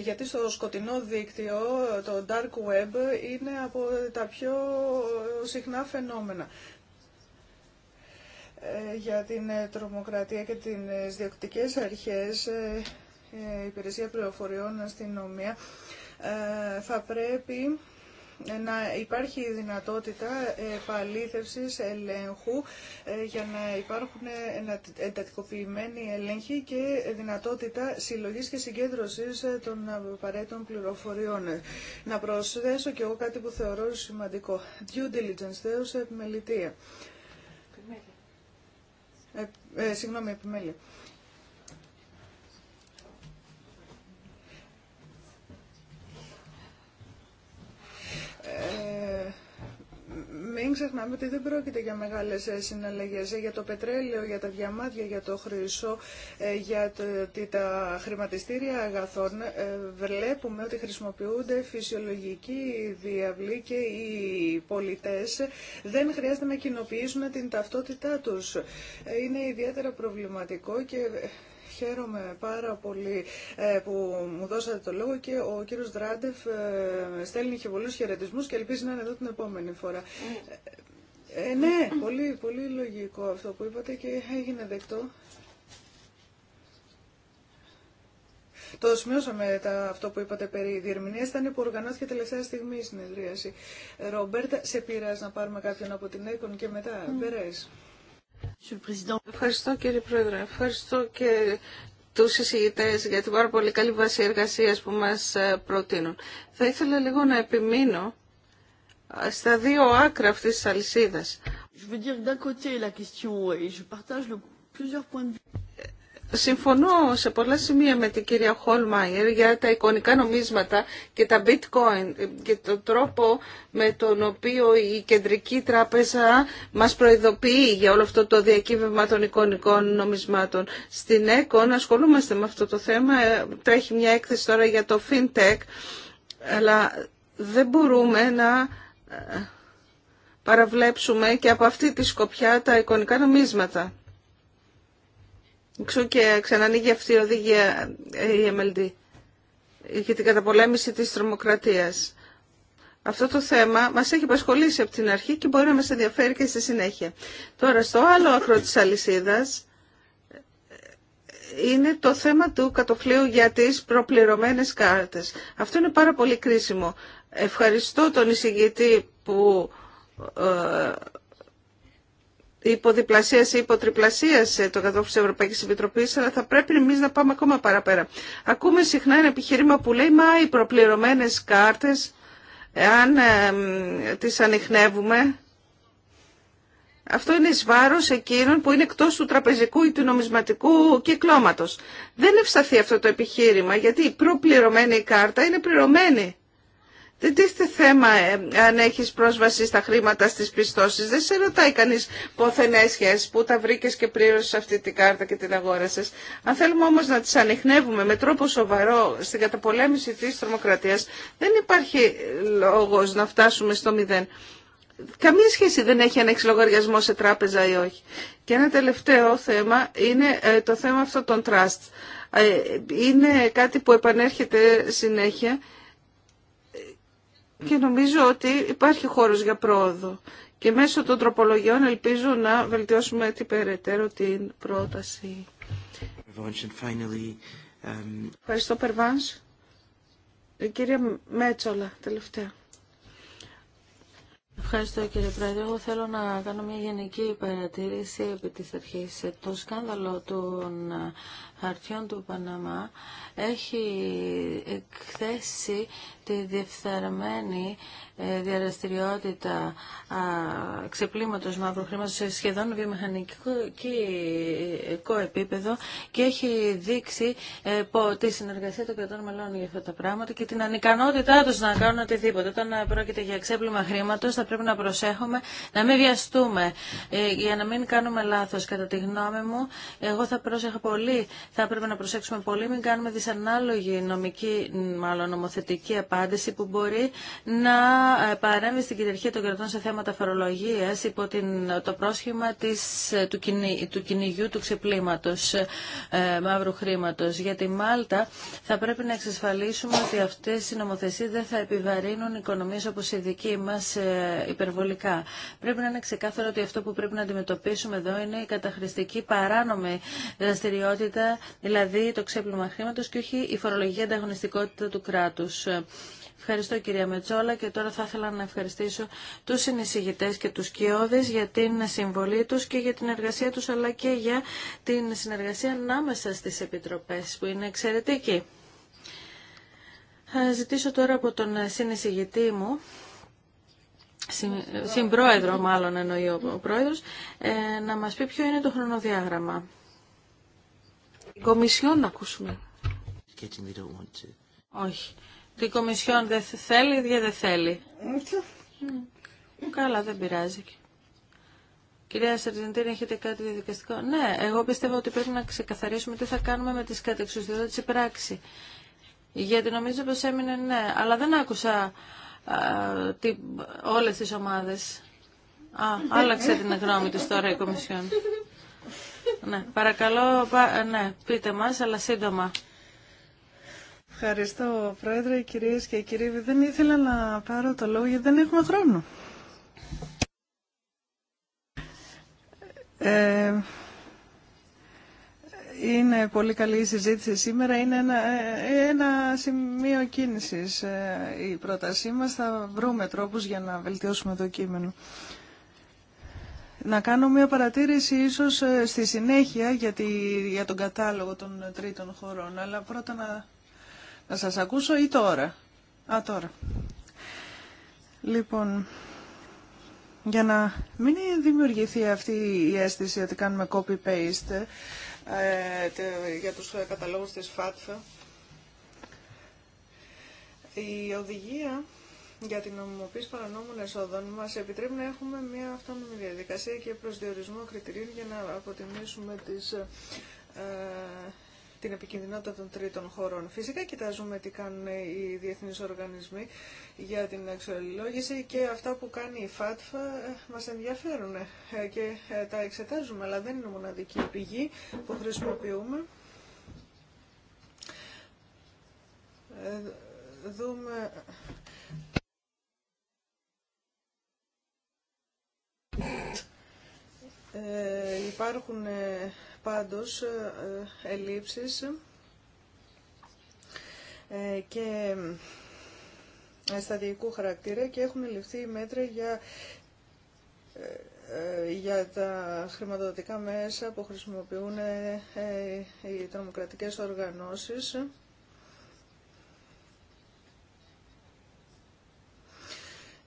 γιατί στο σκοτεινό δίκτυο, το dark web, είναι από τα πιο συχνά φαινόμενα για την τρομοκρατία και τις διοκτικές αρχές ε, υπηρεσία πληροφοριών, αστυνομία, ε, θα πρέπει να υπάρχει δυνατότητα επαλήθευσης ελέγχου ε, για να υπάρχουν εντατικοποιημένοι ελέγχοι και δυνατότητα συλλογής και συγκέντρωσης των απαραίτητων πληροφοριών. Να προσθέσω και εγώ κάτι που θεωρώ σημαντικό. Due diligence, θέως επιμελητία. Ε, ε, συγγνώμη, επιμέλεια. Ε, μην ξεχνάμε ότι δεν πρόκειται για μεγάλες ε, συναλλαγές, ε, για το πετρέλαιο, για τα διαμάδια, για το χρυσό, για τα χρηματιστήρια αγαθών. Βλέπουμε ότι χρησιμοποιούνται φυσιολογικοί διαβλοί και οι πολιτές δεν χρειάζεται να κοινοποιήσουν την ταυτότητά τους. Είναι ιδιαίτερα προβληματικό και Χαίρομαι πάρα πολύ ε, που μου δώσατε το λόγο και ο κύριος Δράντεφ ε, στέλνει και πολλούς χαιρετισμού και ελπίζει να είναι εδώ την επόμενη φορά. Ε, ε, ναι, πολύ, πολύ λογικό αυτό που είπατε και έγινε δεκτό. Το σημειώσαμε τα, αυτό που είπατε περί διερμηνία. Ήταν που οργανώθηκε τελευταία στιγμή η συνεδρίαση. Ρομπέρτα, σε πειράζει να πάρουμε κάποιον από την ΕΚΟΝ και μετά. Mm. Ευχαριστώ κύριε Πρόεδρε. Ευχαριστώ και τους εισηγητές για την πάρα πολύ καλή βάση εργασίας που μας ε, προτείνουν. Θα ήθελα λίγο να επιμείνω ε, στα δύο άκρα αυτής της αλυσίδας. Συμφωνώ σε πολλά σημεία με την κυρία Χολμάιερ για τα εικονικά νομίσματα και τα bitcoin και τον τρόπο με τον οποίο η Κεντρική Τράπεζα μας προειδοποιεί για όλο αυτό το διακύβευμα των εικονικών νομισμάτων. Στην ΕΚΟΝ ασχολούμαστε με αυτό το θέμα. Τρέχει μια έκθεση τώρα για το FinTech, αλλά δεν μπορούμε να ε, παραβλέψουμε και από αυτή τη σκοπιά τα εικονικά νομίσματα. Εξού και ξανανοίγει αυτή η οδηγία η MLD για την καταπολέμηση της τρομοκρατίας. Αυτό το θέμα μας έχει απασχολήσει από την αρχή και μπορεί να μας ενδιαφέρει και στη συνέχεια. Τώρα στο άλλο άκρο της αλυσίδας είναι το θέμα του κατοφλίου για τις προπληρωμένες κάρτες. Αυτό είναι πάρα πολύ κρίσιμο. Ευχαριστώ τον εισηγητή που ε, η υποτριπλασίασε το κατόφλι της Ευρωπαϊκής Επιτροπή, αλλά θα πρέπει εμείς να πάμε ακόμα παραπέρα. Ακούμε συχνά ένα επιχείρημα που λέει, μα οι προπληρωμένες κάρτες, εάν τις ανοιχνεύουμε, αυτό είναι εις βάρος εκείνων που είναι εκτός του τραπεζικού ή του νομισματικού κυκλώματος. Δεν ευσταθεί αυτό το επιχείρημα, γιατί η προπληρωμένη κάρτα είναι πληρωμένη. Δεν τίθεται θέμα ε, αν έχεις πρόσβαση στα χρήματα στις πιστώσεις. Δεν σε ρωτάει κανείς πόθεν έσχες, πού τα βρήκες και πλήρωσες αυτή την κάρτα και την αγόρασες. Αν θέλουμε όμως να τις ανοιχνεύουμε με τρόπο σοβαρό στην καταπολέμηση της τρομοκρατίας, δεν υπάρχει λόγος να φτάσουμε στο μηδέν. Καμία σχέση δεν έχει αν έχει λογαριασμό σε τράπεζα ή όχι. Και ένα τελευταίο θέμα είναι ε, το θέμα αυτό των trusts. Ε, είναι κάτι που επανέρχεται συνέχεια και νομίζω ότι υπάρχει χώρος για πρόοδο. Και μέσω των τροπολογιών ελπίζω να βελτιώσουμε την περαιτέρω την πρόταση. Ευχαριστώ, Περβάνς. Η κυρία Μέτσολα, τελευταία. Ευχαριστώ κύριε Πρόεδρε. Εγώ θέλω να κάνω μια γενική παρατήρηση επί της αρχής. Το σκάνδαλο των Χαρτιών του Παναμά έχει εκθέσει τη διεφθαρμένη ε, διαδραστηριότητα ξεπλήματος μαύρου χρήματο σε σχεδόν βιομηχανικό ε, επίπεδο και έχει δείξει ε, τη συνεργασία των κρατών μελών για αυτά τα πράγματα και την ανικανότητά τους να κάνουν οτιδήποτε. Όταν πρόκειται για ξέπλυμα χρήματο, θα πρέπει να προσέχουμε να μην βιαστούμε για να μην κάνουμε λάθος. Κατά τη γνώμη μου, εγώ θα πρόσεχα πολύ θα έπρεπε να προσέξουμε πολύ μην κάνουμε δυσανάλογη νομική, μάλλον νομοθετική απάντηση που μπορεί να ε, παρέμβει στην κυριαρχία των κρατών σε θέματα φορολογία υπό την, το πρόσχημα της, ε, του, κυνη, του κυνηγιού του ξεπλήματο ε, ε, μαύρου χρήματο. Για τη Μάλτα θα πρέπει να εξασφαλίσουμε ότι αυτέ οι νομοθεσίε δεν θα επιβαρύνουν οικονομίε όπω η δική μα υπερβολικά. Πρέπει να είναι ξεκάθαρο ότι αυτό που πρέπει να αντιμετωπίσουμε εδώ είναι η καταχρηστική παράνομη δραστηριότητα δηλαδή το ξέπλυμα χρήματο και όχι η φορολογική ανταγωνιστικότητα του κράτους. Ευχαριστώ κυρία Μετσόλα και τώρα θα ήθελα να ευχαριστήσω τους συνεισηγητές και τους κοιόδες για την συμβολή τους και για την εργασία τους αλλά και για την συνεργασία ανάμεσα στις επιτροπές που είναι εξαιρετική. Θα ζητήσω τώρα από τον συνεισηγητή μου συμπρόεδρο μάλλον εννοεί ο πρόεδρος, ε, να μας πει ποιο είναι το χρονοδιάγραμμα. Την Κομισιόν να ακούσουμε. Όχι. Την Κομισιόν δεν θέλει, δεν θέλει. Καλά, δεν πειράζει. Κυρία Σαρτζεντίνη, έχετε κάτι διαδικαστικό. Ναι, εγώ πιστεύω ότι πρέπει να ξεκαθαρίσουμε τι θα κάνουμε με τις κατεξουσιοδότηση πράξη. Γιατί νομίζω πως έμεινε ναι, αλλά δεν άκουσα όλε τι, όλες τις ομάδες. Α, άλλαξε την γνώμη της τώρα η Κομισιόν. Ναι, παρακαλώ, ναι, πείτε μας, αλλά σύντομα. Ευχαριστώ, Πρόεδρε, κυρίες και κύριοι. Δεν ήθελα να πάρω το λόγο γιατί δεν έχουμε χρόνο. Ε, είναι πολύ καλή η συζήτηση σήμερα. Είναι ένα, ένα σημείο κίνησης ε, η πρότασή μας. Θα βρούμε τρόπους για να βελτιώσουμε το κείμενο. Να κάνω μια παρατήρηση ίσως ε, στη συνέχεια για, για τον κατάλογο των τρίτων χωρών, αλλά πρώτα να, να σας ακούσω ή τώρα. Α, τώρα. Λοιπόν, για να μην δημιουργηθεί αυτή η αίσθηση ότι κάνουμε copy-paste ε, για τους καταλόγους της ΦΑΤΦΑ, η οδηγία για την νομιμοποίηση παρανόμων εσόδων μας επιτρέπει να έχουμε μια αυτόνομη διαδικασία και προσδιορισμό κριτηρίων για να αποτιμήσουμε τις, ε, την επικινδυνότητα των τρίτων χωρών. Φυσικά κοιτάζουμε τι κάνουν οι διεθνείς οργανισμοί για την αξιολόγηση και αυτά που κάνει η ΦΑΤΦΑ ε, μας ενδιαφέρουν ε, και ε, τα εξετάζουμε, αλλά δεν είναι μοναδική πηγή που χρησιμοποιούμε. Δούμε Υπάρχουν ε, πάντως ε, ε, ελλείψεις και σταδιακού χαρακτήρα και έχουν ληφθεί μέτρα για για τα χρηματοδοτικά μέσα που χρησιμοποιούν οι τρομοκρατικές οργανώσεις.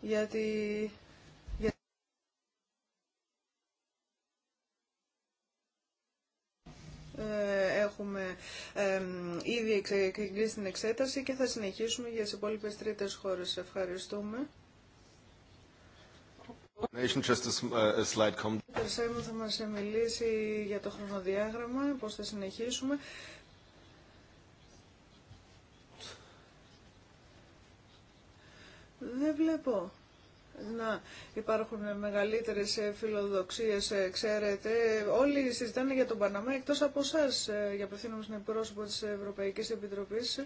Γιατί Ε, ε, ήδη εγγύσει την εξέταση και θα συνεχίσουμε για τις υπόλοιπες τρίτες χώρες. Ευχαριστούμε. Ο θα μας μιλήσει για το χρονοδιάγραμμα, πώς θα συνεχίσουμε. Δεν βλέπω να υπάρχουν μεγαλύτερες ε, φιλοδοξίες, ε, ξέρετε. Όλοι συζητάνε για τον Παναμά, εκτός από εσά ε, για απευθύνομαι στην εκπρόσωπο της Ευρωπαϊκής Επιτροπής. Ε,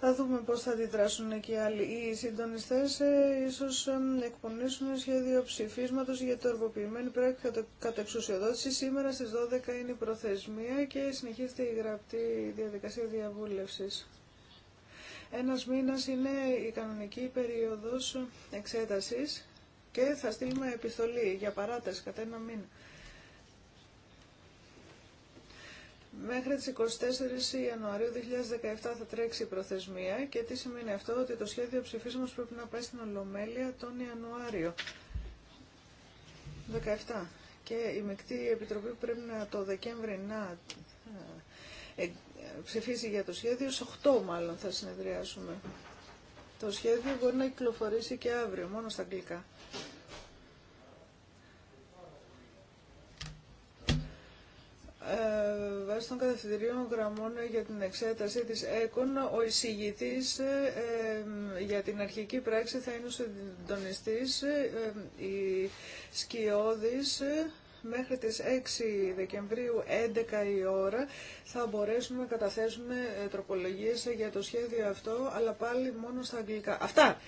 θα δούμε πώς θα αντιδράσουν και οι άλλοι. Οι συντονιστές ε, ίσως εκπονήσουν σχέδιο ψηφίσματος για το εργοποιημένο πράγμα κατα, εξουσιοδότηση. Σήμερα στις 12 είναι η προθεσμία και συνεχίζεται η γραπτή διαδικασία διαβούλευσης. Ένας μήνας είναι η κανονική περίοδος εξέτασης και θα στείλουμε επιστολή για παράταση κατά ένα μήνα. Μέχρι τις 24 Ιανουαρίου 2017 θα τρέξει η προθεσμία και τι σημαίνει αυτό ότι το σχέδιο ψηφίσματος πρέπει να πάει στην Ολομέλεια τον Ιανουάριο 2017 και η Μεκτή Επιτροπή πρέπει να το Δεκέμβρη να ε, ψηφίσει για το σχέδιο, Σε 8 μάλλον θα συνεδριάσουμε. Το σχέδιο μπορεί να κυκλοφορήσει και αύριο, μόνο στα αγγλικά. Ε, βάσει των κατευθυντηρίων γραμμών για την εξέταση της ΕΚΟΝ, ο εισηγητής ε, για την αρχική πράξη θα είναι ο συντονιστής, ε, ε, η σκιώδης, ε, μέχρι τις 6 Δεκεμβρίου 11 η ώρα θα μπορέσουμε να καταθέσουμε ε, τροπολογίες για το σχέδιο αυτό, αλλά πάλι μόνο στα αγγλικά. Αυτά!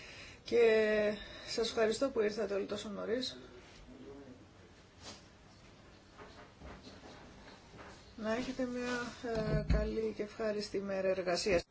Και σας ευχαριστώ που ήρθατε όλοι τόσο νωρίς. Να έχετε μια ε, καλή και ευχάριστη μέρα εργασίας.